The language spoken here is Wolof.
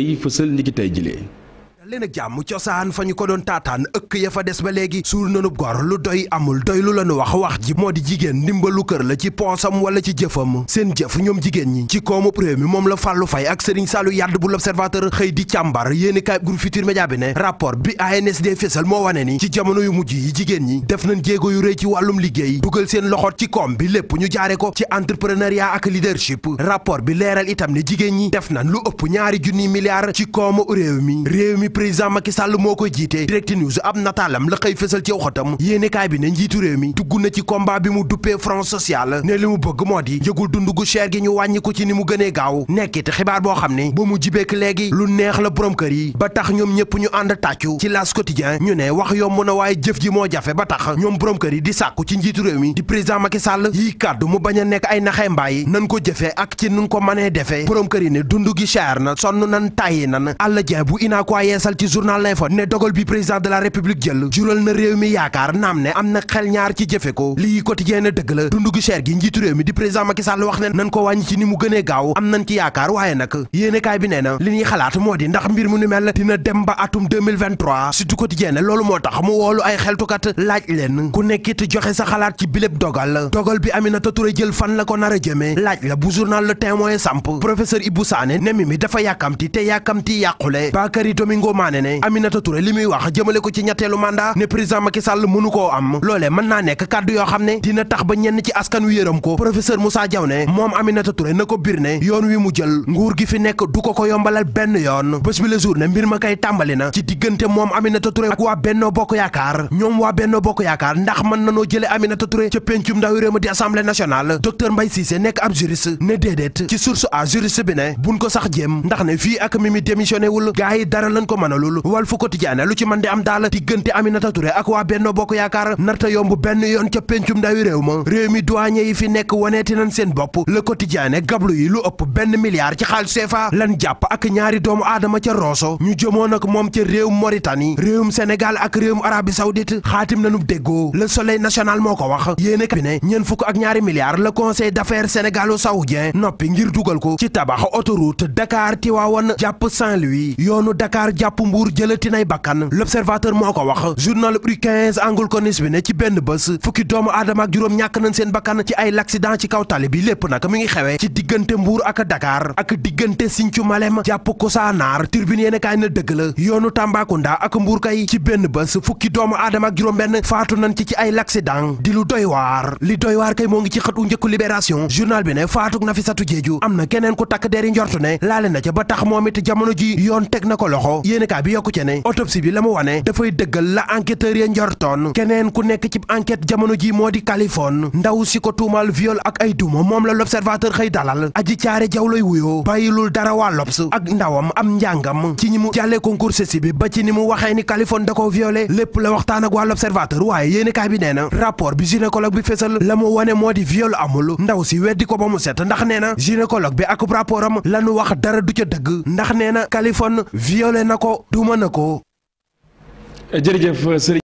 te yi fësal ni ki tey leena ak jàmm cosaan fa ñu ko doon taataan ëkk ya fa des ba léegi suur na nu gor lu doy amul doy lu lanu wax wax ji moo di jigéen ndimbalu kër la ci poosam wala ci jëfam seen jëf ñoom jigéen ñi ci koomu réew mi moom la Fallou fay ak Serigne Saliou Yade bu l'Observateur xëy di càmbar yéeni kaay groupe Futurs Médias bi ne rapport bi ANSD fésal moo wane ni ci jamono yu mujj yi jigéen ñi def nañ jéego yu rëy ci wàllum liggéey dugal seen loxoot ci koom bi lépp ñu jaare ko ci entrepreneuriat ak leadership rapport bi leeral itam ne jigéen ñi def nañ lu ëpp ñaari junniy milliards ci koomu réew mi président Macky Sall moo koy jiite direct news ab nataalam la xëy fësal ci waxatam yéenekaay bi ne njiitu réew mi dugg na ci combat bi mu duppee front social ne li mu bëgg moo di njëgul dund gu cher gi ñu wàññi ci ni mu gënee gaaw nekkit xibaar boo xam ne ba mu jibeek léegi lu neex la borom kër yi ba tax ñoom ñëpp ñu ànd tàccu ci las quotidien ñu ne wax yomb na waaye jëf ji moo jafe ba tax ñoom borom kër yi di sàkku ci njiitu réew mi di président Macky Sall yi kàddu mu bañ a nekk ay naxee mbaay nan ko jëfee ak ci nun ko mënee defee borom yi ne dund gi cher na sonn nan Sall ci journal L'Info ne dogal bi président de la république jël jural na réew mi yaakaar naam ne am na xel ñaar ci jëfe ko lii quotidien ne dëgg la dund cher gi njiitu réew mi di président Macky wax ne nan ko wàññi ci ni mu gënee gaaw am nañ ci yaakaar waaye nag yéenekaay bi nee na li ñuy xalaat moo di ndax mbir mu ni mel dina dem ba atum 2023 surtout quotidien ne loolu moo tax mu woolu ay xeltukat laaj leen ku nekkit joxe sa xalaat ci biléb dogal dogal bi Aminata a Mané ne Aminata Touré li muy wax jëmale ko ci mbir ma kay tàmbali na ci diggante moom Aminata Touré ak waa Benno Bokk Yaakaar ñoom waa Benno Bokk Yaakaar ndax mën nanoo jële Aminata Touré ca pencum ndaw di assemblée nationale docteur Mbaye Cissé nekk ab juriste ne déedéet ci source a juriste bi ne buñ ko sax jéem ndax ne fii ak mi mi démissionné gaa yi dara lañ ko mën ñaanalul Walf Quotidien lu ci mën di am daal diggante Aminata Touré ak waa Benno Bokk Yaakaar narta yomb benn yoon ca péncum ndawi réew ma réew mi douanier yi fi nekk waneeti nañ seen bopp Le Quotidien gablu yi lu ëpp benn milliard ci xaalis CFA lan jàpp ak ñaari doomu aadama ca Rosso ñu jëmoon ak moom ca réewum Mauritanie réewum Sénégal ak réewum Arabie Saoudite xaatim nañu déggoo Le Soleil national moo ko wax yéene ka bi ne ñeen fukk ak ñaari milliards le conseil d'affaires sénégalo-saoudien noppi ngir ko ci tabax autoroute Dakar Tivaouane jàpp Saint-Louis jàpp mbuur jëlati nay bakkan l'observateur moo ko wax journal rue 15 angle corniche bi ne ci benn bés fukki doomu aadama ak juróom ñàkk nañ seen bakkan ci ay l'accident ci kaw tali bi lépp nag mi ngi xewee ci diggante mbuur ak dakaar ak diggante Sinthiou Malem jàpp Koussanar turbine yéen kaay na dëgg la yoonu Tambacounda ak mbuur kay ci benn bés fukki doomu aadama ak juróom benn faatu nañ ci ci ay l'accident di lu doy waar li doy waar kay moo ngi ci xëtu njëkku libération journal bi ne faatug Nafisatu Jeeju am na keneen ku takk deri njortu ne laale na ca ba tax moom it jamono ji yoon teg na ko loxo yéenekaay bi yokku ca ne autopsie bi la mu wane dafay dëggal la enquêteurs ya njortoon keneen ku nekk ci enquête jamono ji moo di Californie ndaw la l'observateur xëy dalal aji caare jaw lay wuyoo bàyyilul dara waa lobs am njàngam ci ñi mu jàllee concours si bi ba ci ni mu waxee ni Californie da ko violé lépp la waxtaan ak waa l'observateur waaye yéenekaay bi nee na rapport bi gynécologue bi fésal la mu wane moo di viol amul ndaw si weddi ko ba mu set ndax nee na gynécologue bi ak rapportam lanu wax dara du ca dëgg ndax nee na Californie na ko ko duma na ko jërëjëf sëriñ